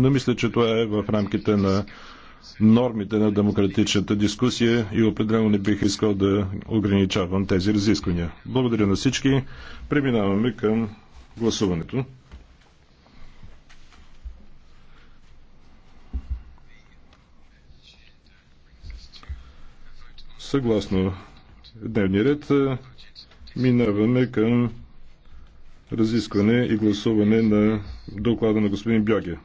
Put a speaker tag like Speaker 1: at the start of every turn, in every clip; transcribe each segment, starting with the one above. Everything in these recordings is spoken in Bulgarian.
Speaker 1: но мисля, че това е в рамките на нормите на демократичната дискусия и определено не бих искал да ограничавам тези разисквания. Благодаря на всички. Преминаваме към гласуването. Съгласно дневния ред, минаваме към разискване и гласуване на доклада на господин Бяге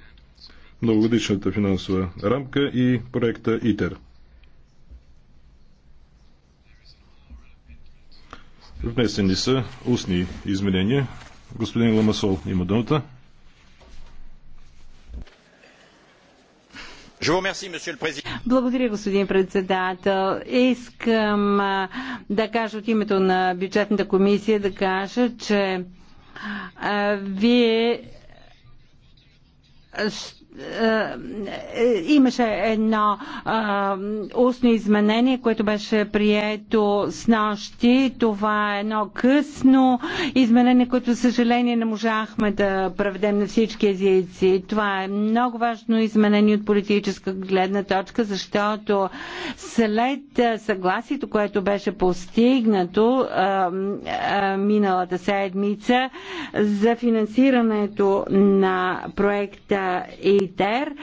Speaker 1: многогодишната финансова рамка и проекта ИТЕР. Внесени са устни изменения. Господин Ламасол има думата.
Speaker 2: Благодаря, господин председател. Искам да кажа от името на бюджетната комисия да кажа, че вие е, е, имаше едно устно изменение, което беше прието с нощи. Това е едно късно изменение, което, съжаление, не можахме да преведем на всички езици. Това е много важно изменение от политическа гледна точка, защото след съгласието, което беше постигнато миналата седмица за финансирането на проекта и Солитер,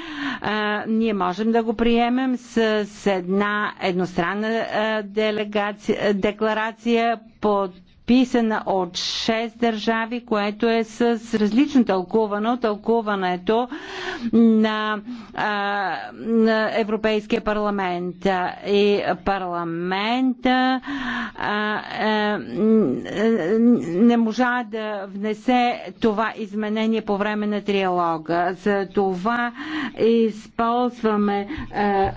Speaker 2: а, ние можем да го приемем с, с една едностранна а, делегация, декларация под подписана от 6 държави, което е с различно тълкувано тълкуването на, а, на Европейския парламент. И парламента а, а, не можа да внесе това изменение по време на триалога. За това използваме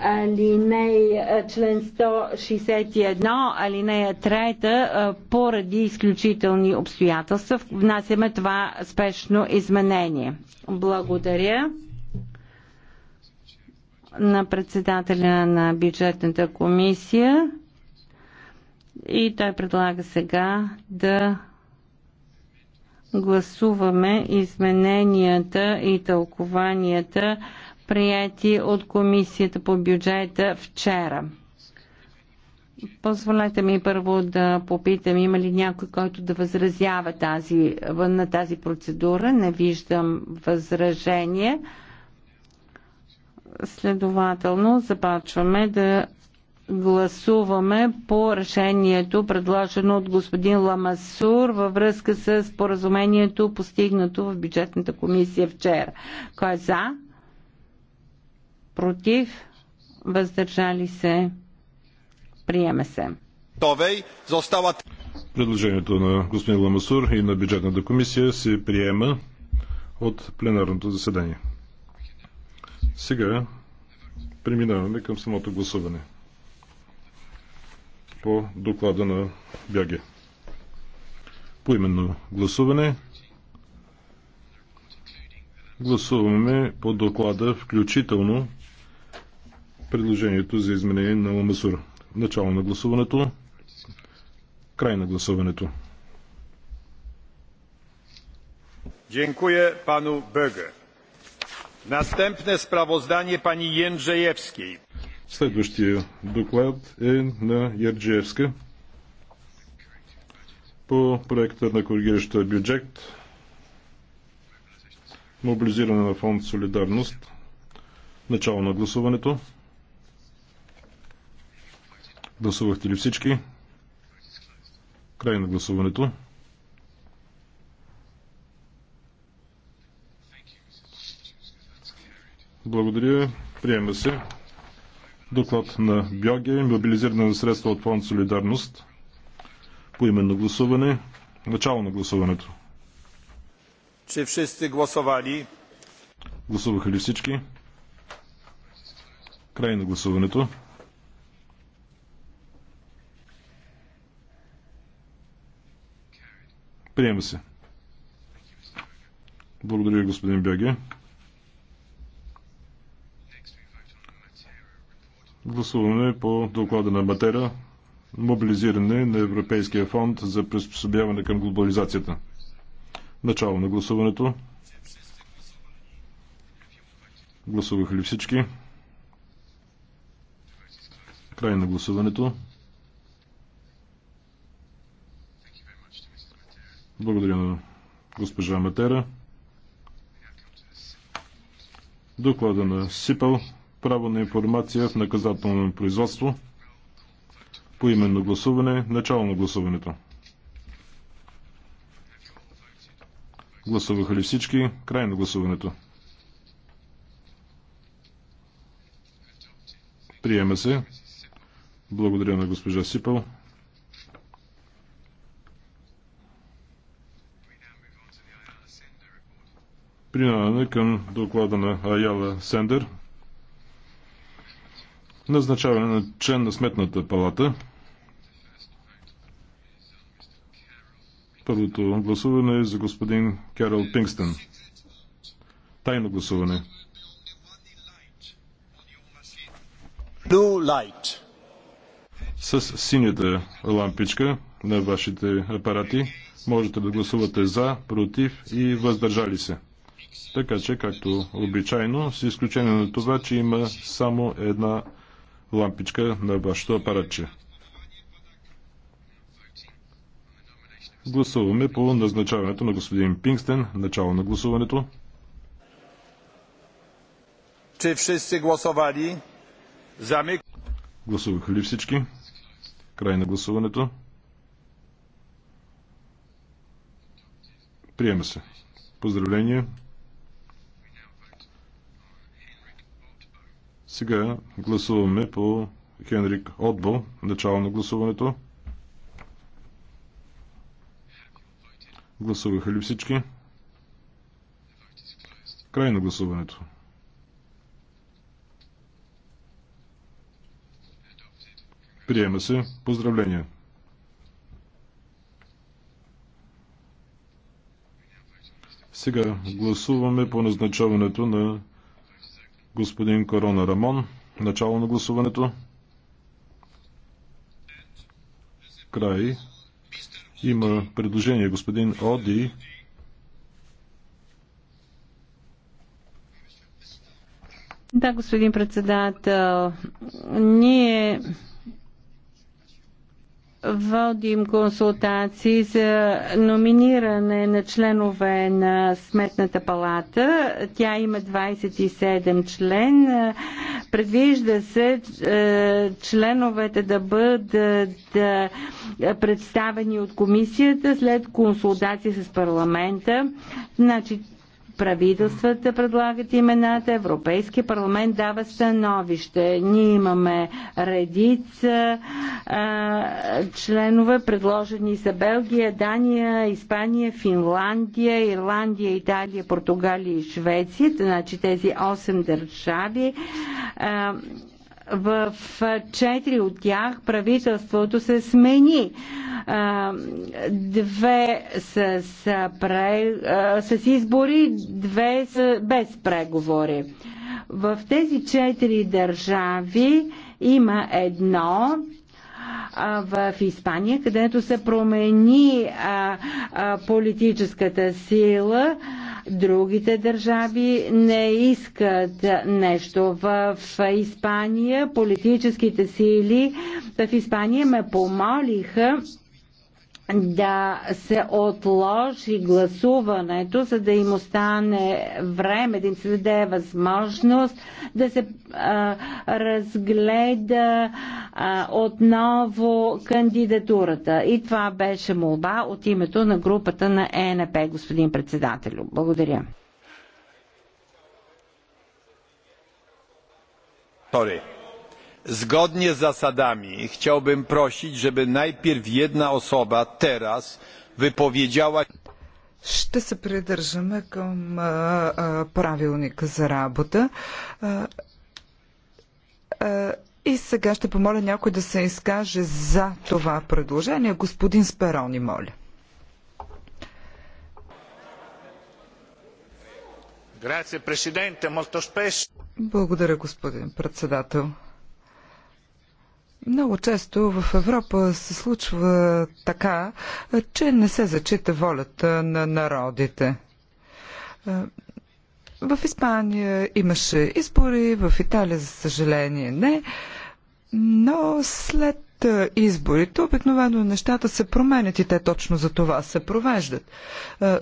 Speaker 2: алинея член 161, алинея 3 поради изключителни обстоятелства. Внасяме това спешно изменение. Благодаря на председателя на бюджетната комисия и той предлага сега да гласуваме измененията и тълкованията, прияти от комисията по бюджета вчера. Позволете ми първо да попитам, има ли някой, който да възразява тази, на тази процедура? Не виждам възражение. Следователно, започваме да гласуваме по решението, предложено от господин Ламасур във връзка с поразумението, постигнато в бюджетната комисия вчера. Кой е за? Против? Въздържали се? Приеме се.
Speaker 1: Предложението на господин Ламасур и на бюджетната комисия се приема от пленарното заседание. Сега преминаваме към самото гласуване по доклада на Бяге. Поименно гласуване. Гласуваме по доклада включително предложението за изменение на Ламасура. Начало на гласуването. Край на гласуването. Дякую пану Böge. Następne sprawozdanie pani Jędrzejewskiej. Следващия доклад е на Ярджиевска по проекта на коригиращия бюджет мобилизиране на фонд Солидарност. Начало на гласуването. Гласувахте ли всички? Край на гласуването. Благодаря. Приема се. Доклад на Бьоге. Мобилизиране на средства от фонд Солидарност. По именно гласуване. Начало на гласуването. Чи всички гласували? Гласуваха ли всички? Край на гласуването. Приема се. Благодаря, господин Беге. Гласуваме по доклада на Матера мобилизиране на Европейския фонд за приспособяване към глобализацията. Начало на гласуването. Гласуваха ли всички? Край на гласуването. Благодаря на госпожа Матера. Доклада на СИПАЛ право на информация в наказателно производство по именно гласуване, начало на гласуването. Гласуваха ли всички? Край на гласуването. Приема се. Благодаря на госпожа Сипъл. Преминаваме към доклада на Аяла Сендер. Назначаване на член на Сметната палата. Първото гласуване е за господин Керол Пингстън. Тайно гласуване. С синята лампичка на вашите апарати можете да гласувате за, против и въздържали се. Така че, както обичайно, с изключение на това, че има само една лампичка на вашето апаратче. Гласуваме по назначаването на господин Пингстен. Начало на гласуването. Че всички гласували? Замик. Гласуваха ли всички? Край на гласуването. Приема се. Поздравление. Сега гласуваме по Хенрик Отбо. Начало на гласуването. Гласуваха ли всички? Край на гласуването. Приема се. Поздравления. Сега гласуваме по назначаването на Господин Корона Рамон, начало на гласуването. Край. Има предложение. Господин Оди
Speaker 2: Да, господин председател. Ние водим консултации за номиниране на членове на Сметната палата. Тя има 27 член. Предвижда се е, членовете да бъдат е, представени от комисията след консултации с парламента. Значи правителствата предлагат имената, Европейски парламент дава становище. Ние имаме редица а, членове, предложени за Белгия, Дания, Испания, Финландия, Ирландия, Италия, Португалия и Швеция. Значи тези 8 държави. А, в четири от тях правителството се смени две с, с, пре, с избори, две с, без преговори. В тези четири държави има едно в Испания, където се промени а, а, политическата сила. Другите държави не искат нещо. В Испания политическите сили в Испания ме помолиха да се отложи гласуването, за да им остане време, да им се даде възможност да се а, разгледа а, отново кандидатурата. И това беше молба от името на групата на ЕНП, господин председателю. Благодаря.
Speaker 1: Sorry zgodnie z zasadami chciałbym prosić żeby najpierw jedna osoba teraz wypowiedziała
Speaker 3: Ще се придържаме към а, а, правилника за работа. А, а, и сега ще помоля някой да се изкаже за това предложение. Господин Сперони, моля. Благодаря, господин председател. Много често в Европа се случва така, че не се зачита волята на народите. Е, в Испания имаше избори, в Италия, за съжаление, не. Но след изборите, обикновено нещата се променят и те точно за това се провеждат.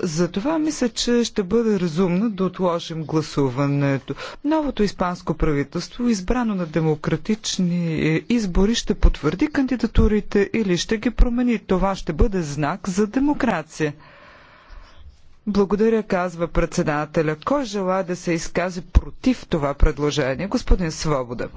Speaker 3: За това мисля, че ще бъде разумно да отложим гласуването. Новото испанско правителство, избрано на демократични е, избори, ще потвърди кандидатурите или ще ги промени. Това ще бъде знак за демокрация. Благодаря, казва председателя. Кой желая да се изкаже против това предложение? Господин Свобода.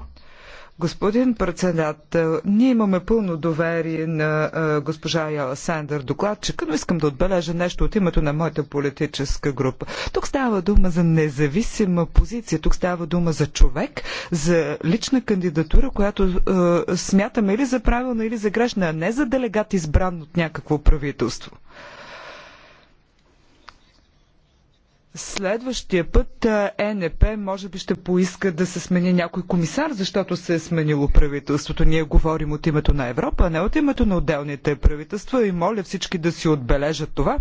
Speaker 3: Господин председател, ние имаме пълно доверие на госпожа Яла Сандър, докладчика, но искам да отбележа нещо от името на моята политическа група. Тук става дума за независима позиция, тук става дума за човек, за лична кандидатура, която е, смятаме или за правилна, или за грешна, а не за делегат избран от някакво правителство. Следващия път ЕНП може би ще поиска да се смени някой комисар, защото се е сменило правителството. Ние говорим от името на Европа, а не от името на отделните правителства и моля всички да си отбележат това.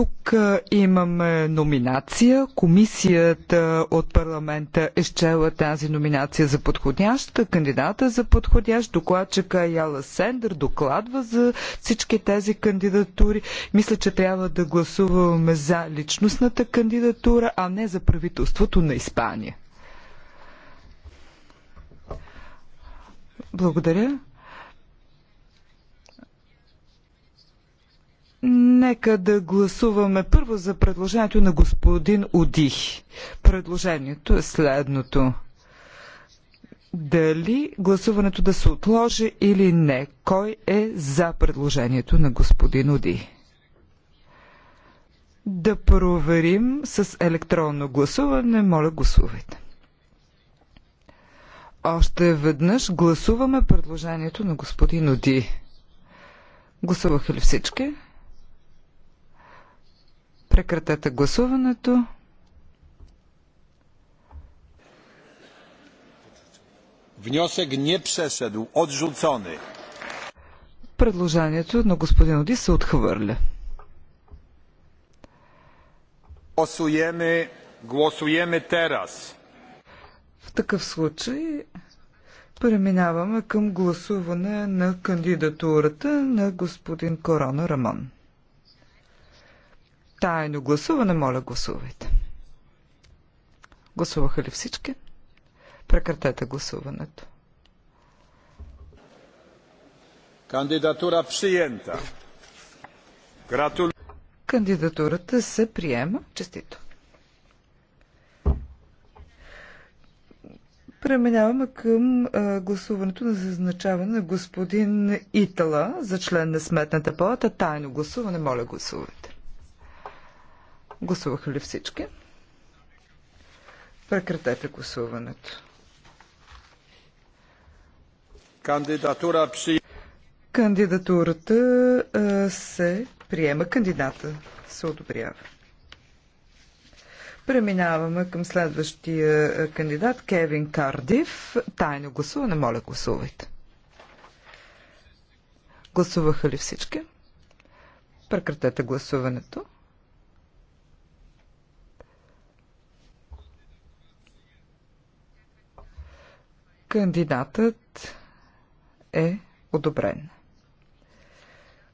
Speaker 3: Тук имаме номинация. Комисията от парламента е счела тази номинация за подходяща. Кандидата за подходящ, докладчика Яла Сендър докладва за всички тези кандидатури. Мисля, че трябва да гласуваме за личностната кандидатура, а не за правителството на Испания. Благодаря. Нека да гласуваме първо за предложението на господин Уди. Предложението е следното. Дали гласуването да се отложи или не? Кой е за предложението на господин Уди? Да проверим с електронно гласуване. Моля, гласувайте. Още веднъж гласуваме предложението на господин Уди. Гласуваха ли всички? Прекратете гласуването.
Speaker 1: Вносък не przeszedł. отжуцоне.
Speaker 3: Предложението на господин Оди се отхвърля.
Speaker 1: Гласуваме, гласуваме терас.
Speaker 3: В такъв случай преминаваме към гласуване на кандидатурата на господин Корона Рамон. Тайно гласуване, моля гласувайте. Гласуваха ли всички? Прекратете гласуването.
Speaker 1: Кандидатура приента. Гратул...
Speaker 3: Кандидатурата се приема. Честито. Преминаваме към а, гласуването на зазначаване на господин Итала за член на Сметната палата. Тайно гласуване. Моля гласувайте. Гласуваха ли всички? Прекратете гласуването.
Speaker 1: Кандидатура при...
Speaker 3: Кандидатурата а, се приема. Кандидата се одобрява. Преминаваме към следващия кандидат Кевин Кардив. Тайно гласуване. Моля, гласувайте. Гласуваха ли всички? Прекратете гласуването. Кандидатът е одобрен.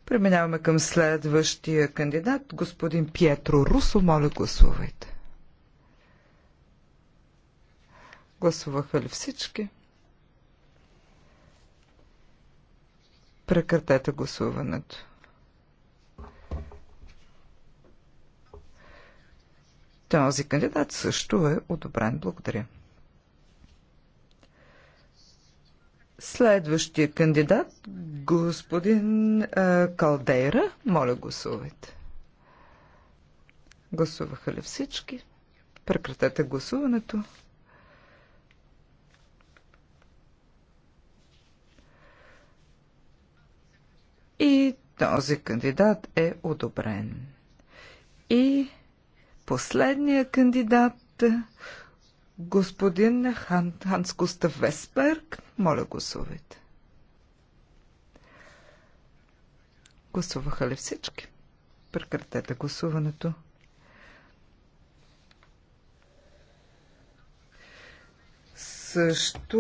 Speaker 3: Преминаваме към следващия кандидат, господин Пьетро Русо. Моля, гласувайте. Гласуваха ли всички? Прекратете гласуването. Този кандидат също е одобрен. Благодаря. Следващия кандидат, господин е, Калдейра, моля гласувайте. Гласуваха ли всички? Прекратете гласуването. И този кандидат е одобрен. И последния кандидат, Господин Хан, Ханс Густав Весберг, моля гласувайте. Гласуваха ли всички? Прекратете гласуването. Също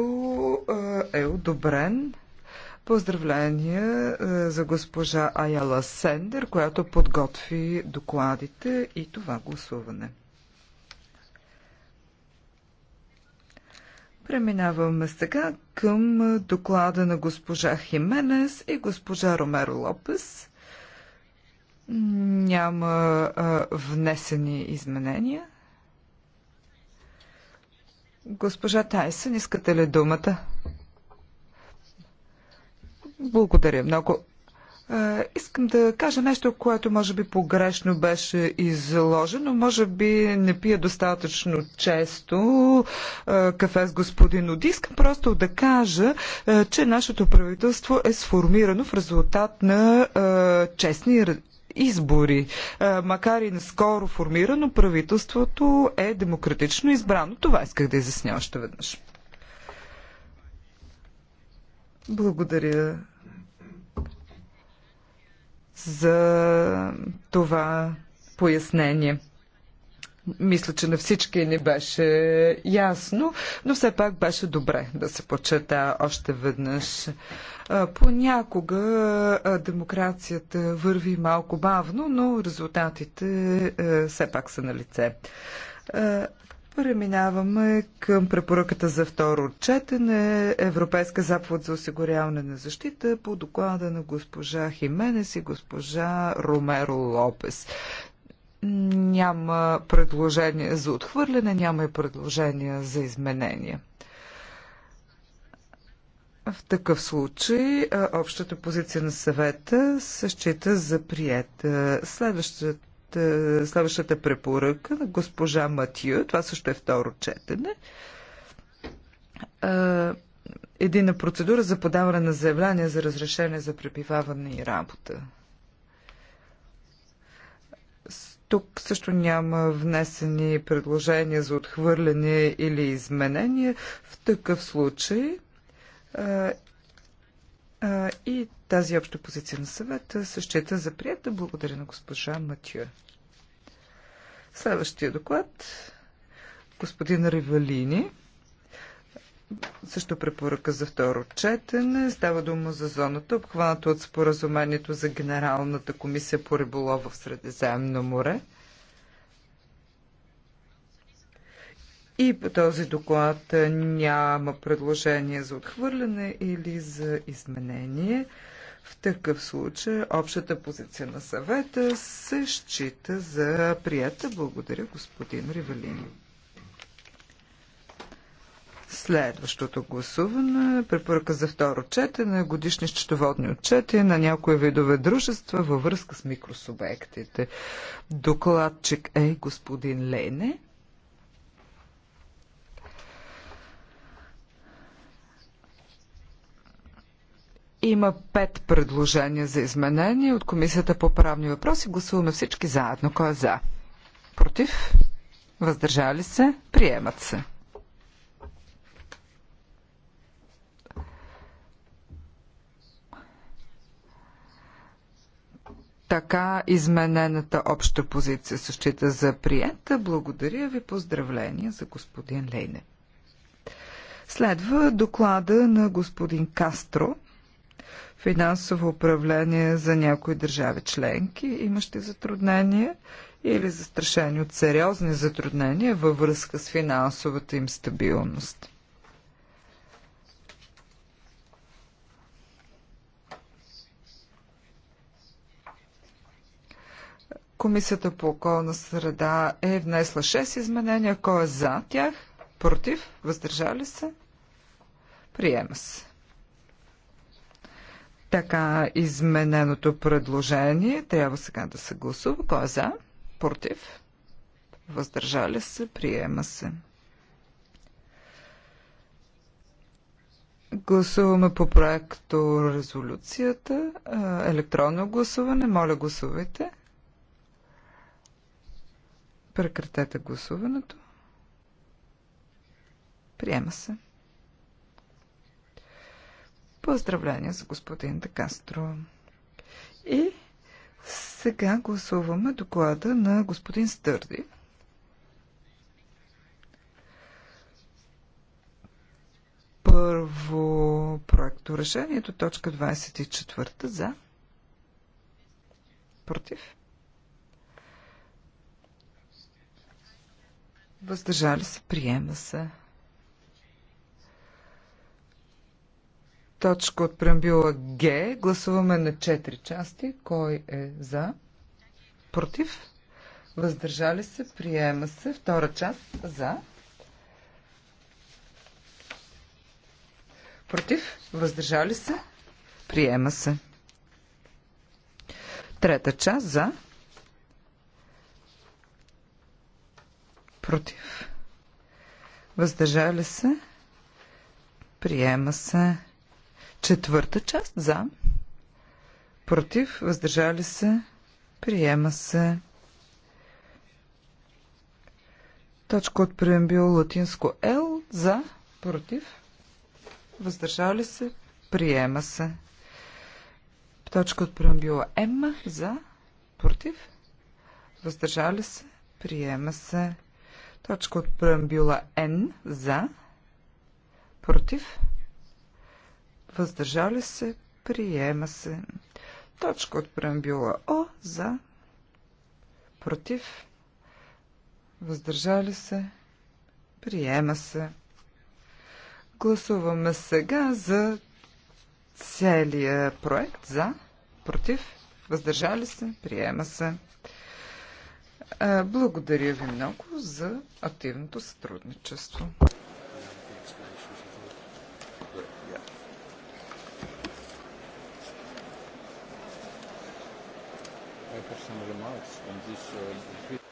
Speaker 3: е одобрен Поздравления за госпожа Аяла Сендер, която подготви докладите и това гласуване. Преминаваме сега към доклада на госпожа Хименес и госпожа Ромеро Лопес. Няма а, внесени изменения. Госпожа Тайсън, искате ли думата? Благодаря много. Искам да кажа нещо, което може би погрешно беше изложено. Може би не пия достатъчно често кафе с господин Оди. Искам просто да кажа, че нашето правителство е сформирано в резултат на честни избори. Макар и наскоро формирано, правителството е демократично избрано. Това исках да изясня още веднъж. Благодаря за това пояснение. Мисля, че на всички ни беше ясно, но все пак беше добре да се почета още веднъж. Понякога демокрацията върви малко бавно, но резултатите е, все пак са на лице. Преминаваме към препоръката за второ четене Европейска заповед за осигуряване на защита по доклада на госпожа Хименес и госпожа Ромеро Лопес. Няма предложение за отхвърляне, няма и предложение за изменение. В такъв случай общата позиция на съвета се счита за прият. Следващата следващата, препоръка на госпожа Матио, това също е второ четене, едина процедура за подаване на заявление за разрешение за пребиваване и работа. Тук също няма внесени предложения за отхвърляне или изменение. В такъв случай а, а, и тази обща позиция на съвета се счита за прията. Благодаря на госпожа Матю. Следващия доклад. Господин Ривалини. Също препоръка за второ четене. Става дума за зоната, обхваната от споразумението за Генералната комисия по риболов в Средиземно море. И по този доклад няма предложение за отхвърляне или за изменение. В такъв случай общата позиция на съвета се счита за прията. Благодаря, господин Ривалин. Следващото гласуване е препоръка за второ четене, годишни счетоводни отчети на някои видове дружества във връзка с микросубектите. Докладчик е господин Лене. Има пет предложения за изменение от Комисията по правни въпроси. Гласуваме всички заедно. Кой е за? Против? Въздържали се? Приемат се. Така изменената обща позиция се счита за приета. Благодаря ви. Поздравления за господин Лейне. Следва доклада на господин Кастро финансово управление за някои държави членки, имащи затруднения или застрашени от сериозни затруднения във връзка с финансовата им стабилност. Комисията по околна среда е внесла 6 изменения. Кой е за тях? Против? Въздържали се? Приема се така измененото предложение. Трябва сега да се гласува. Кой е за? Против? Въздържали се? Приема се. Гласуваме по проекто резолюцията. Електронно гласуване. Моля, гласувайте. Прекратете гласуването. Приема се. Поздравления за господин Декастро. И сега гласуваме доклада на господин Стърди. Първо проекто решението, точка 24 за. Против. Въздържали се, приема се. точка от преамбюла Г. Гласуваме на 4 части. Кой е за? Против? Въздържали се? Приема се. Втора част за. Против? Въздържали се? Приема се. Трета част за. Против? Въздържали се? Приема се. Четвърта част за. Против. Въздържали се. Приема се. Точка от преамбил латинско L за. Против. Въздържали се. Приема се. Точка от преамбила М за. Против. Въздържали се. Приема се. Точка от преамбюла Н за. Против въздържали се, приема се. Точка от преамбюла О за, против, въздържали се, приема се. Гласуваме сега за целия проект за, против, въздържали се, приема се. Е, благодаря ви много за активното сътрудничество.
Speaker 2: some remarks on this.